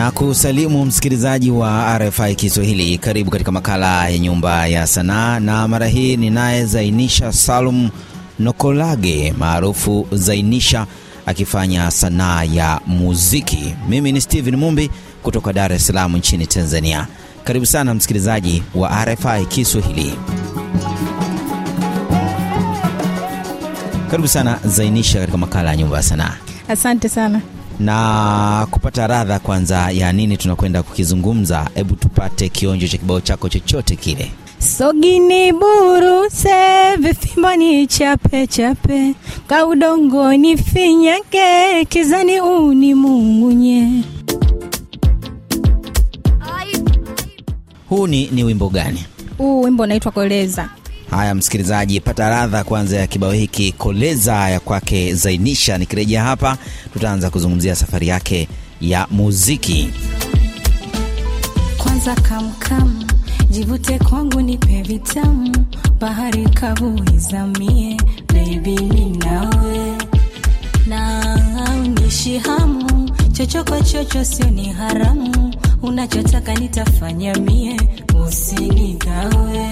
Na kusalimu msikilizaji wa RFI Kiswahili, karibu katika makala ya Nyumba ya Sanaa, na mara hii ninaye Zainisha Salum Nokolage maarufu Zainisha akifanya sanaa ya muziki. Mimi ni Steven Mumbi kutoka Dar es Salaam nchini Tanzania. Karibu sana msikilizaji wa RFI Kiswahili. Karibu sana Zainisha katika makala ya Nyumba ya Sanaa. Asante sana na kupata radha kwanza ya nini tunakwenda kukizungumza. Hebu tupate kionjo cha kibao chako chochote kile. Sogini buruse vifimbani chape chape ni finyake kizani uni mungunye. Huu ni, ni wimbo gani? Huu wimbo unaitwa Koleza. Haya msikilizaji, pata radha kwanza ya kibao hiki koleza ya kwake Zainisha. Nikirejea hapa, tutaanza kuzungumzia safari yake ya muziki. Kwanza kamkam, jivute kwangu, nipe vitamu, bahari kavu izamie, baby ni nawe na unishi hamu, chochoko chocho sio ni haramu, unachotaka nitafanya mie, usinigawe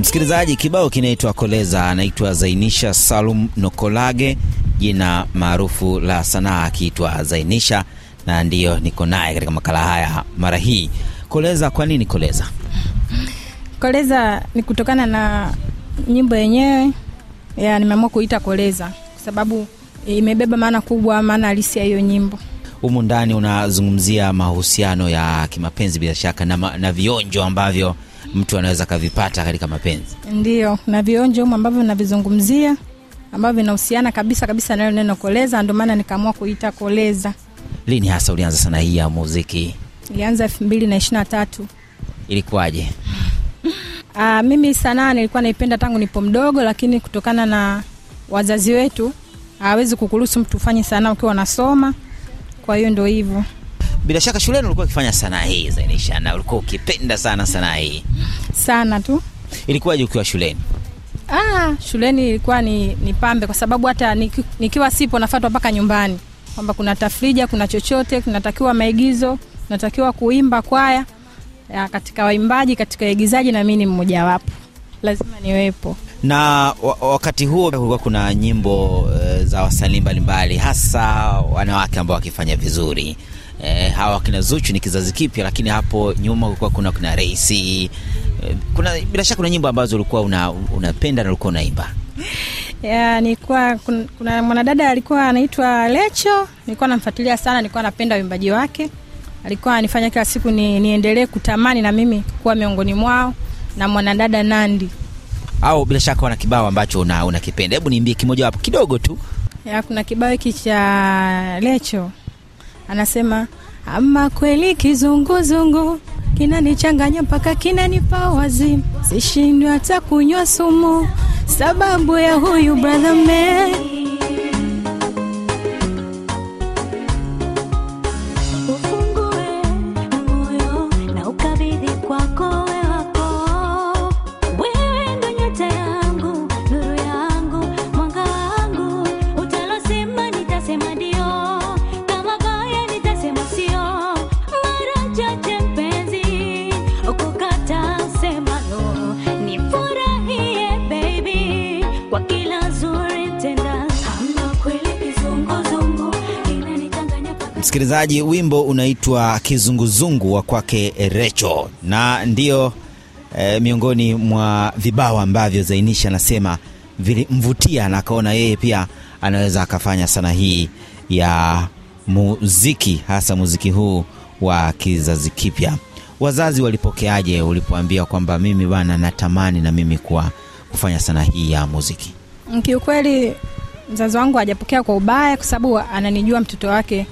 Msikilizaji, kibao kinaitwa Koleza, anaitwa Zainisha Salum Nokolage, jina maarufu la sanaa akiitwa Zainisha, na ndiyo niko naye katika makala haya mara hii. Koleza, kwa nini koleza? Koleza ni kutokana na nyimbo yenyewe ya, nimeamua kuita koleza kwa sababu imebeba maana kubwa, maana halisi ya hiyo nyimbo. Humu ndani unazungumzia mahusiano ya kimapenzi bila shaka na, na vionjo ambavyo mtu anaweza akavipata katika mapenzi, ndio na vionjo humu ambavyo navizungumzia ambavyo vinahusiana kabisa kabisa nayo neno koleza, ndio maana nikaamua kuita koleza. Lini hasa ulianza sana hii ya muziki? Ilianza elfu mbili na ishiri na tatu. Ilikuwaje? Ah, mimi sanaa nilikuwa naipenda tangu nipo mdogo, lakini kutokana na wazazi wetu hawezi kukuruhusu mtu ufanye sanaa ukiwa unasoma. Kwa hiyo ndio hivyo. Bila shaka shuleni ulikuwa ukifanya sanaa hii Zainisha, na ulikuwa ukipenda sana sanaa hii sana tu. Ilikuwaje ukiwa shuleni? Ah, shuleni ilikuwa ni, ni pambe kwa sababu hata niki, nikiwa sipo nafuatwa mpaka nyumbani kwamba kuna tafrija, kuna chochote, kunatakiwa maigizo, natakiwa kuimba kwaya ya, katika waimbaji, katika waigizaji na mimi ni mmoja wapo, lazima niwepo na wakati huo kulikuwa kuna nyimbo eh, za wasanii mbalimbali, hasa wanawake ambao wakifanya vizuri e, hawa wakina Zuchu ni kizazi kipya, lakini hapo nyuma kulikuwa kuna kuna Reisi eh, kuna bila shaka kuna nyimbo ambazo ulikuwa una, na ulikuwa unaimba. ya nilikuwa kuna, kuna mwanadada alikuwa anaitwa Lecho, nilikuwa namfuatilia sana, nilikuwa napenda uimbaji wake, alikuwa anifanya kila siku ni, niendelee kutamani na mimi kuwa miongoni mwao na mwanadada Nandi au bila shaka wana kibao ambacho unakipenda? Una hebu niambie kimoja wapo kidogo tu. Ya, kuna kibao hiki cha Lecho anasema, ama kweli kizunguzungu kinanichanganya mpaka kinanipa wazimu, sishindwa hata kunywa sumu sababu ya huyu brother man msikilizaji, wimbo unaitwa Kizunguzungu wa kwake Recho na ndiyo e, eh, miongoni mwa vibao ambavyo Zainisha anasema vilimvutia na akaona yeye pia anaweza akafanya sana hii ya muziki, hasa muziki huu wa kizazi kipya. Wazazi walipokeaje ulipoambia kwamba mimi bana natamani na mimi kuwa kufanya sana hii ya muziki? Kiukweli mzazi wangu hajapokea kwa ubaya, kwa sababu ananijua mtoto wake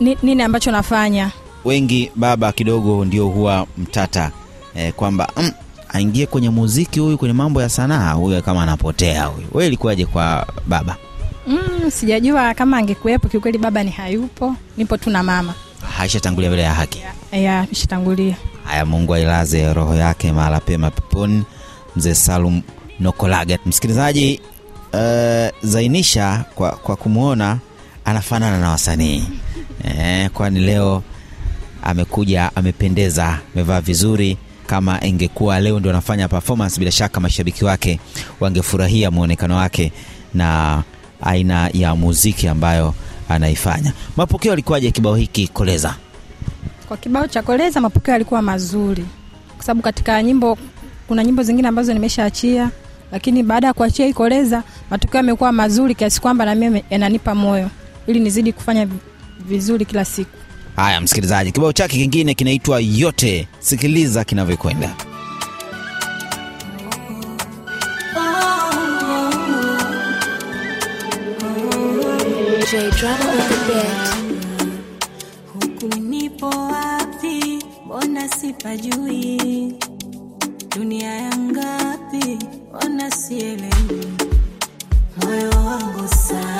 ni, nini ambacho nafanya wengi baba kidogo ndio huwa mtata eh, kwamba mm, aingie kwenye muziki huyu kwenye mambo ya sanaa huyu kama anapotea huyu we ilikuwaje kwa baba mm, sijajua kama angekuwepo kiukweli baba ni hayupo nipo tu na mama haishatangulia mbele ya haki ya ishatangulia haya mungu ailaze roho yake mahala pema peponi mzee salum nokolagat msikilizaji uh, zainisha kwa, kwa kumwona anafanana na wasanii mm eh, kwani leo amekuja amependeza, amevaa vizuri. Kama ingekuwa leo ndio anafanya performance, bila shaka mashabiki wake wangefurahia muonekano wake na aina ya muziki ambayo anaifanya. Mapokeo alikuwaje kibao hiki Koleza? Kwa kibao cha Koleza mapokeo alikuwa mazuri, kwa sababu katika nyimbo kuna nyimbo zingine ambazo nimeshaachia, lakini baada ya kuachia hii Koleza matokeo yamekuwa mazuri kiasi kwamba na mimi yananipa moyo ili nizidi kufanya vizuri kila siku. Haya, msikilizaji, kibao chake kingine kinaitwa Yote, sikiliza kinavyokwenda. Huku nipo wapi, mbona sipajui? Dunia ya ngapi, mbona sielewi? Moyo wangu sana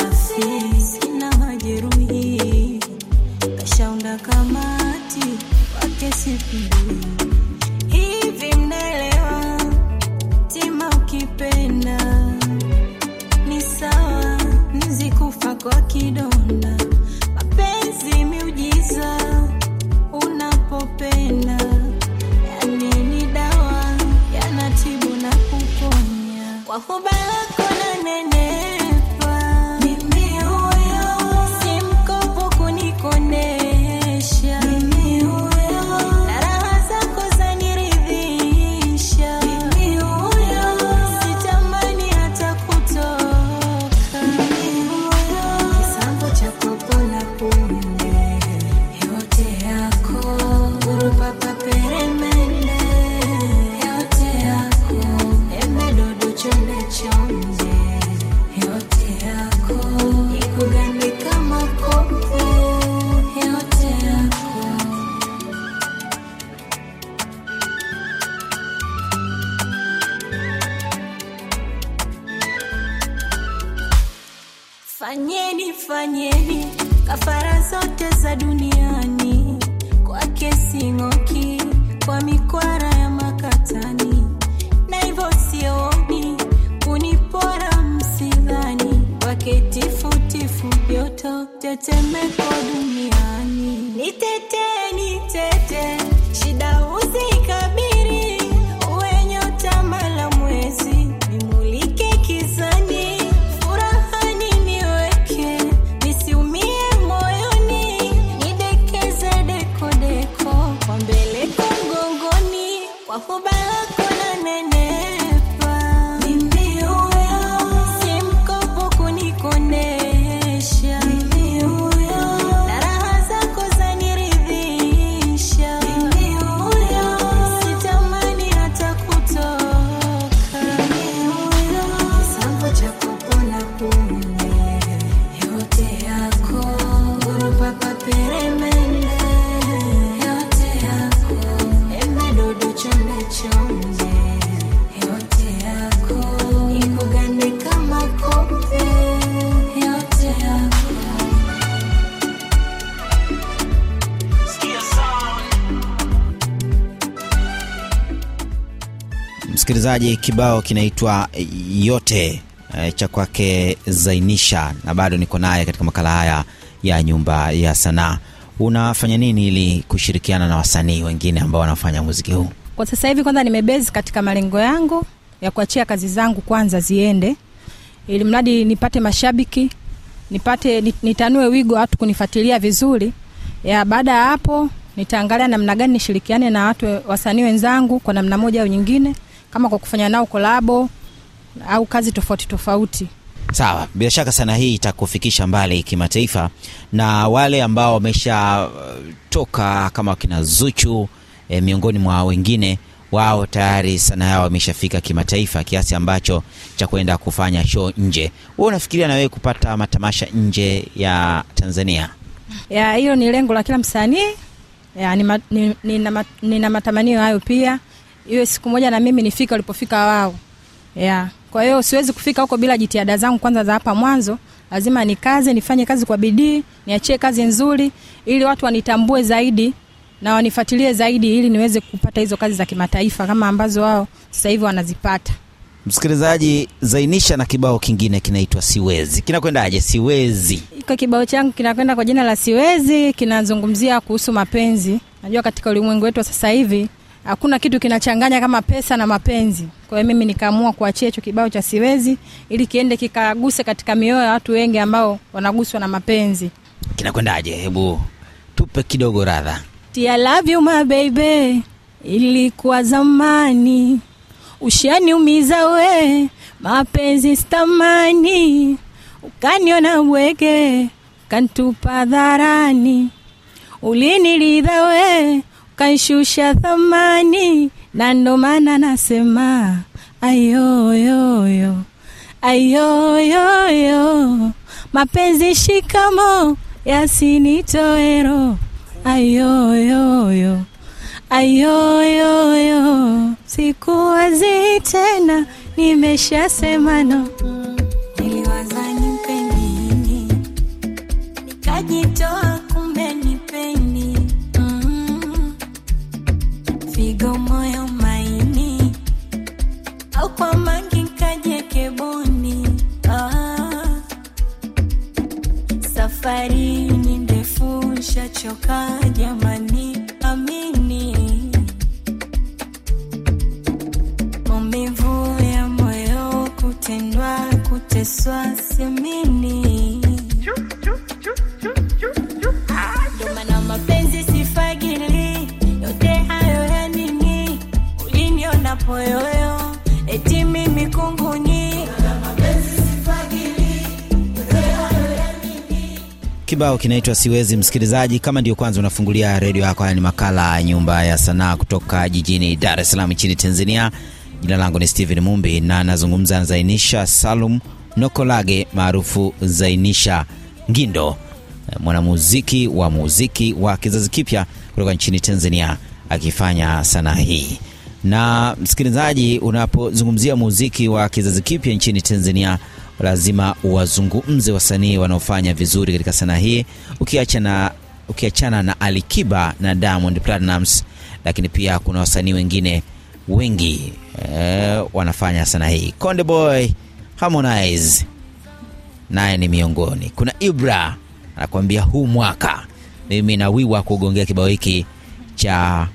Fanyeni, fanyeni kafara zote za duniani, kwa kesi ng'oki, kwa mikwara ya makatani, na hivyo sioni kunipora, msidhani wake tifutifu, joto tetemeko duniani, nitete nitetee shida wafu balak wala nani Msikilizaji, kibao kinaitwa yote eh, cha kwake Zainisha, na bado niko naye katika makala haya ya nyumba ya sanaa. Unafanya nini ili kushirikiana na wasanii wengine ambao wanafanya muziki huu kwa sasa hivi? Kwanza nimebezi katika malengo yangu ya kuachia kazi zangu kwanza ziende, ili mradi nipate mashabiki, nipate nitanue wigo watu kunifuatilia vizuri. Ya baada ya hapo nitaangalia namna gani nishirikiane na watu wasanii wenzangu kwa namna moja au nyingine kama kwa kufanya nao kolabo au kazi tofauti tofauti. Sawa, bila shaka sana hii itakufikisha mbali kimataifa, na wale ambao wameshatoka uh, kama kina Zuchu e, miongoni mwa wengine wao tayari sana yao wameshafika kimataifa kiasi ambacho cha kwenda kufanya show nje. Wewe unafikiria na wewe kupata matamasha nje ya Tanzania? Ya, ni lengo la kila msanii. Ya, nina, ni, nina matamanio hayo pia iwe siku moja na mimi nifike ulipofika wao yeah. Kwa hiyo siwezi kufika huko bila jitihada zangu kwanza za hapa mwanzo. Lazima ni nikaze, nifanye kazi kwa bidii, niachie kazi nzuri, ili watu wanitambue zaidi na wanifuatilie zaidi, ili niweze kupata hizo kazi za kimataifa kama ambazo wao sasa hivi wanazipata. Msikilizaji, zainisha na kibao kingine kinaitwa Siwezi. Kinakwendaje? Siwezi iko kibao changu kinakwenda kwa jina la Siwezi, kinazungumzia kuhusu mapenzi. Najua katika ulimwengu wetu sasa hivi Hakuna kitu kinachanganya kama pesa na mapenzi. Kwa hiyo mimi nikaamua kuachia hicho kibao cha siwezi ili kiende kikaguse katika mioyo ya watu wengi ambao wanaguswa na mapenzi. Kinakwendaje? Hebu tupe kidogo radha. I love you my baby, ilikuwa zamani, ushaniumiza we, mapenzi stamani, ukaniona bweke, kantupa dharani, ulinilidha we kanshusha thamani, na ndo maana nasema ayoyoyo ayoyoyo, mapenzi shikamo yasinitoero ayoyoyo ayoyoyo, sikuwazi tena, nimeshasema no. eti mimi Kibao kinaitwa Siwezi. Msikilizaji, kama ndiyo kwanza unafungulia redio yako, haya ni makala ya Nyumba ya Sanaa kutoka jijini Dar es Salaam nchini Tanzania. Jina langu ni stephen Mumbi na nazungumza na Zainisha Salum Nokolage maarufu Zainisha Ngindo, eh, mwanamuziki wa muziki wa kizazi kipya kutoka nchini Tanzania akifanya sanaa hii. Na msikilizaji, unapozungumzia muziki wa kizazi kipya nchini Tanzania lazima wazungumze wasanii wanaofanya vizuri katika sanaa hii, ukiacha na ukiachana na Alikiba na Diamond Platnumz, lakini pia kuna wasanii wengine wengi e, wanafanya sanaa hii. conde Boy, Harmonize naye ni miongoni. Kuna Ibra anakuambia huu mwaka mimi nawiwa kugongea kibao hiki cha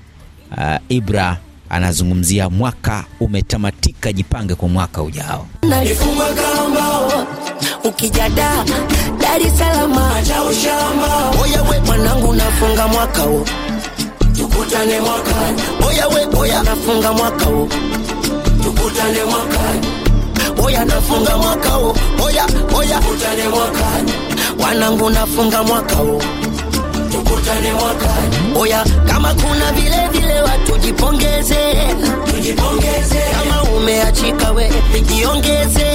uh, Ibra anazungumzia mwaka umetamatika, jipange kwa mwaka ujao. Ukijada Dar es Salaam acha ushamba, oya we mwanangu, nafunga mwaka huu, tukutane mwaka, oya we, oya nafunga mwaka huu, tukutane mwaka, oya nafunga mwaka huu, oya oya, tukutane mwaka, wanangu, nafunga mwaka huu, tukutane mwaka, oya kama kuna ujipongeze, ujipongeze. Kama umeachika we jiongeze,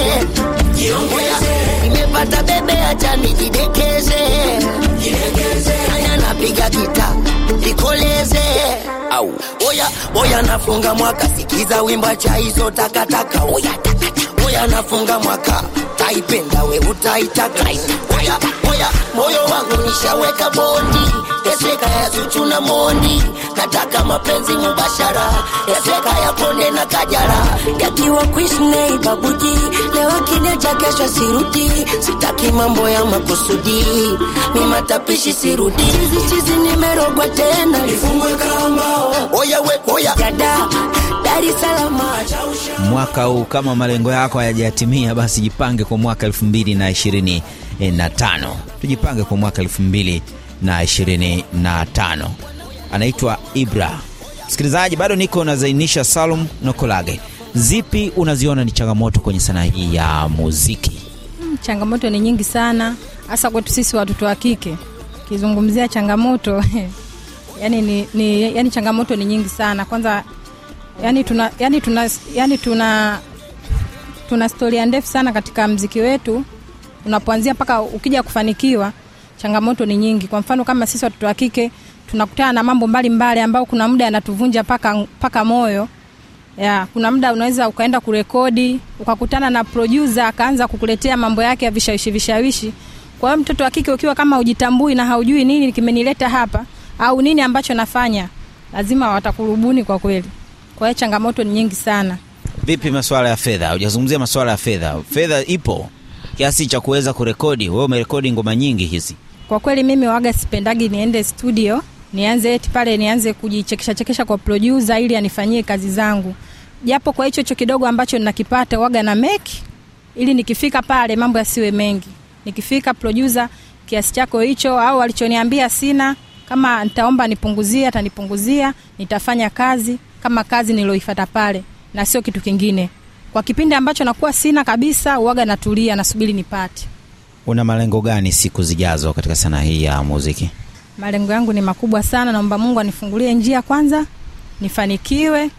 jiongeze. Nimepata bebe, acha nijidekeze, jidekeze. Haya napiga gita nikoleze au oya oya, nafunga mwaka, sikiza wimbo cha hizo takataka, oya takataka, oya nafunga mwaka utaipenda we utaitaka moyo wangu nishaweka bondi yasweka ya zuchu na mondi nataka mapenzi mubashara yasweka ya ponde na kajara yakiwa kuishnei babuji leo kineja kesho sirudi sitaki mambo ya makusudi ni matapishi sirudi chizi chizi nimerogwa tena ifungwe kamba oya we oya dada Mwaka huu kama malengo yako hayajatimia, basi jipange kwa mwaka tano. Tujipange kwa mwaka tano. Anaitwa Ibra. Msikilizaji, bado niko nazainisha Salum Nokolage, zipi unaziona ni changamoto kwenye sanaa hii ya muziki? Hmm, changamoto ni nyingi sana, hasa kwetu sisi watoto wa kike. Ukizungumzia changamoto yani, ni, ni, yani changamoto ni nyingi sana kwanza yani tuna, yani tuna, yani tuna, tuna storia ndefu sana katika mziki wetu unapoanzia mpaka ukija kufanikiwa changamoto ni nyingi. Kwa mfano kama sisi watoto wa kike tunakutana na mambo mbalimbali ambao kuna muda yanatuvunja paka, paka moyo ya, kuna muda unaweza ukaenda kurekodi ukakutana na producer akaanza kukuletea mambo yake ya vishawishi vishawishi. Kwa hiyo mtoto wa kike ukiwa kama ujitambui na haujui nini kimenileta hapa au nini ambacho nafanya, lazima watakurubuni kwa kweli. Kwa hiyo changamoto ni nyingi sana. Vipi masuala ya fedha? Hujazungumzia masuala ya fedha. Fedha ipo kiasi cha kuweza kurekodi? Wewe umerekodi ngoma nyingi hizi. Kwa kweli mimi waga sipendagi niende studio nianze eti pale nianze kujichekesha chekesha kwa producer ili anifanyie kazi zangu, japo kwa hicho hicho kidogo ambacho ninakipata waga na make, ili nikifika pale mambo yasiwe mengi. Nikifika producer, kiasi chako hicho au alichoniambia sina, kama nitaomba nipunguzie atanipunguzia, nitafanya kazi kama kazi niloifata pale na sio kitu kingine. Kwa kipindi ambacho nakuwa sina kabisa, uwaga natulia, nasubiri nipate. Una malengo gani siku zijazo katika sanaa hii ya muziki? Malengo yangu ni makubwa sana, naomba Mungu anifungulie njia kwanza, nifanikiwe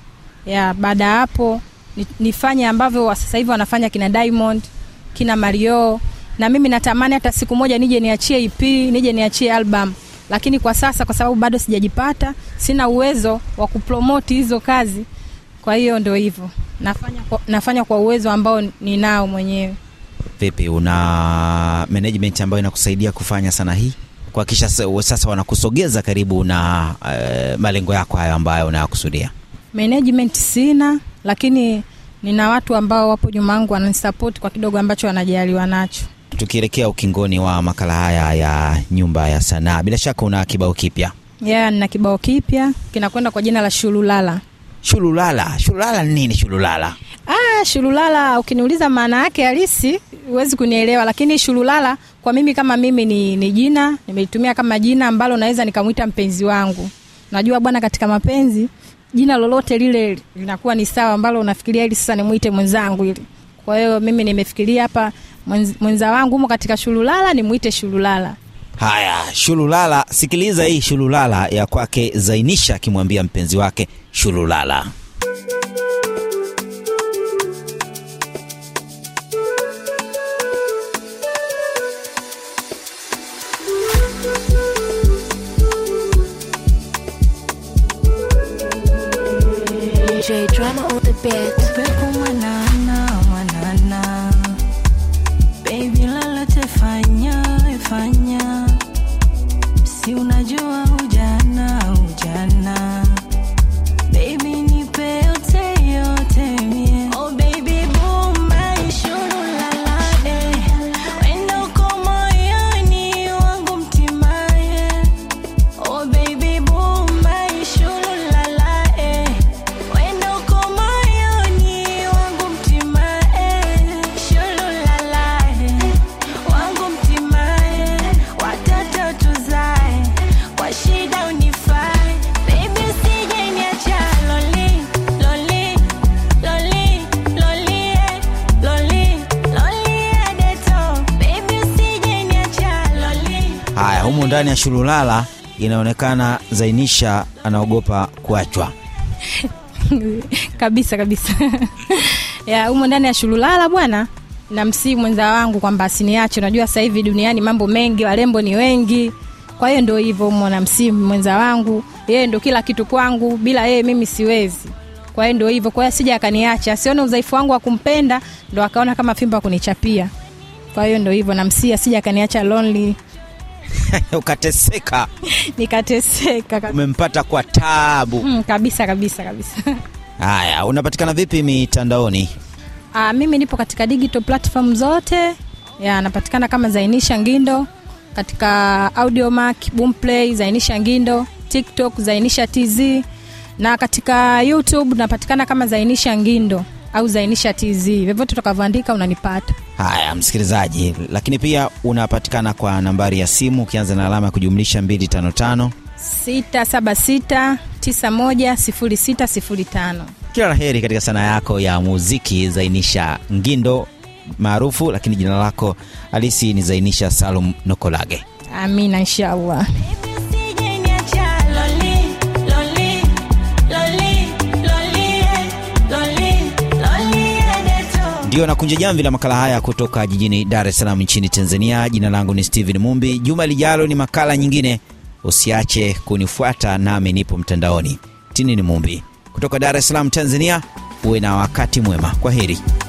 ya baada ya hapo nifanye ambavyo sasa hivi wanafanya kina Diamond, kina Mario, na mimi natamani hata siku moja nije niachie EP, nije niachie album lakini kwa sasa, kwa sababu bado sijajipata, sina uwezo wa kupromoti hizo kazi. Kwa hiyo ndio hivyo nafanya kwa, nafanya kwa uwezo ambao ninao mwenyewe. Vipi, una management ambayo inakusaidia kufanya sana hii kuhakikisha sasa wanakusogeza karibu na uh, malengo yako hayo ambayo unayakusudia? Management sina, lakini nina watu ambao wapo nyuma yangu wananisapoti kwa kidogo ambacho wanajaliwa nacho tukielekea ukingoni wa makala haya ya nyumba ya sanaa, bila shaka una kibao kipya? ya Yeah, nina kibao kipya kinakwenda kwa jina la Shululala. Shululala, shululala nini? Shululala, ah, shululala ukiniuliza maana yake halisi huwezi kunielewa, lakini shululala kwa mimi kama mimi ni, ni jina nimelitumia kama jina ambalo naweza nikamwita mpenzi wangu. Najua bwana, katika mapenzi jina lolote lile linakuwa ni sawa, ambalo unafikiria ili sasa nimwite mwenzangu ili Kwa hiyo mimi nimefikiria hapa mwenza wangu humo katika Shululala, nimwite Shululala. Haya, Shululala, sikiliza hii Shululala ya kwake Zainisha akimwambia mpenzi wake Shululala. si unajua ndani ya Shululala inaonekana Zainisha anaogopa kuachwa kabisa kabisa ya umo ndani ya Shululala bwana, namsii mwenza wangu kwamba asiniache. Unajua sasa hivi duniani mambo mengi, warembo ni wengi, kwa hiyo ndio hivyo humo. Namsii mwenza wangu, yeye ndio kila kitu kwangu, bila yeye mimi siwezi. Kwa hiyo ndio hivyo, kwa hiyo asija akaniacha, asione udhaifu wangu wa kumpenda, ndo akaona kama fimbo kunichapia. Kwa hiyo ndio hivyo, namsii asija akaniacha lonely Ukateseka? Nikateseka Umempata kwa tabu Hmm, kabisa kabisa kabisa. Haya, unapatikana vipi mitandaoni? Aa, ah, mimi nipo katika digital platform zote ya, napatikana kama Zainisha Ngindo katika Audiomack, Boomplay, Zainisha Ngindo, TikTok Zainisha TZ na katika YouTube napatikana kama Zainisha Ngindo au zainisha tz vyovyote utakavyoandika unanipata. Haya msikilizaji, lakini pia unapatikana kwa nambari ya simu ukianza na alama ya kujumlisha 255 676 910605. Kila laheri katika sanaa yako ya muziki Zainisha Ngindo maarufu, lakini jina lako alisi ni Zainisha Salum Nokolage. Amina, inshallah. ndio nakunja jamvi la makala haya kutoka jijini Dar es Salaam nchini Tanzania. Jina langu ni Steven Mumbi. Juma lijalo ni makala nyingine, usiache kunifuata, nami nipo mtandaoni. Tini ni Mumbi kutoka Dar es Salaam, Tanzania. Uwe na wakati mwema, kwa heri.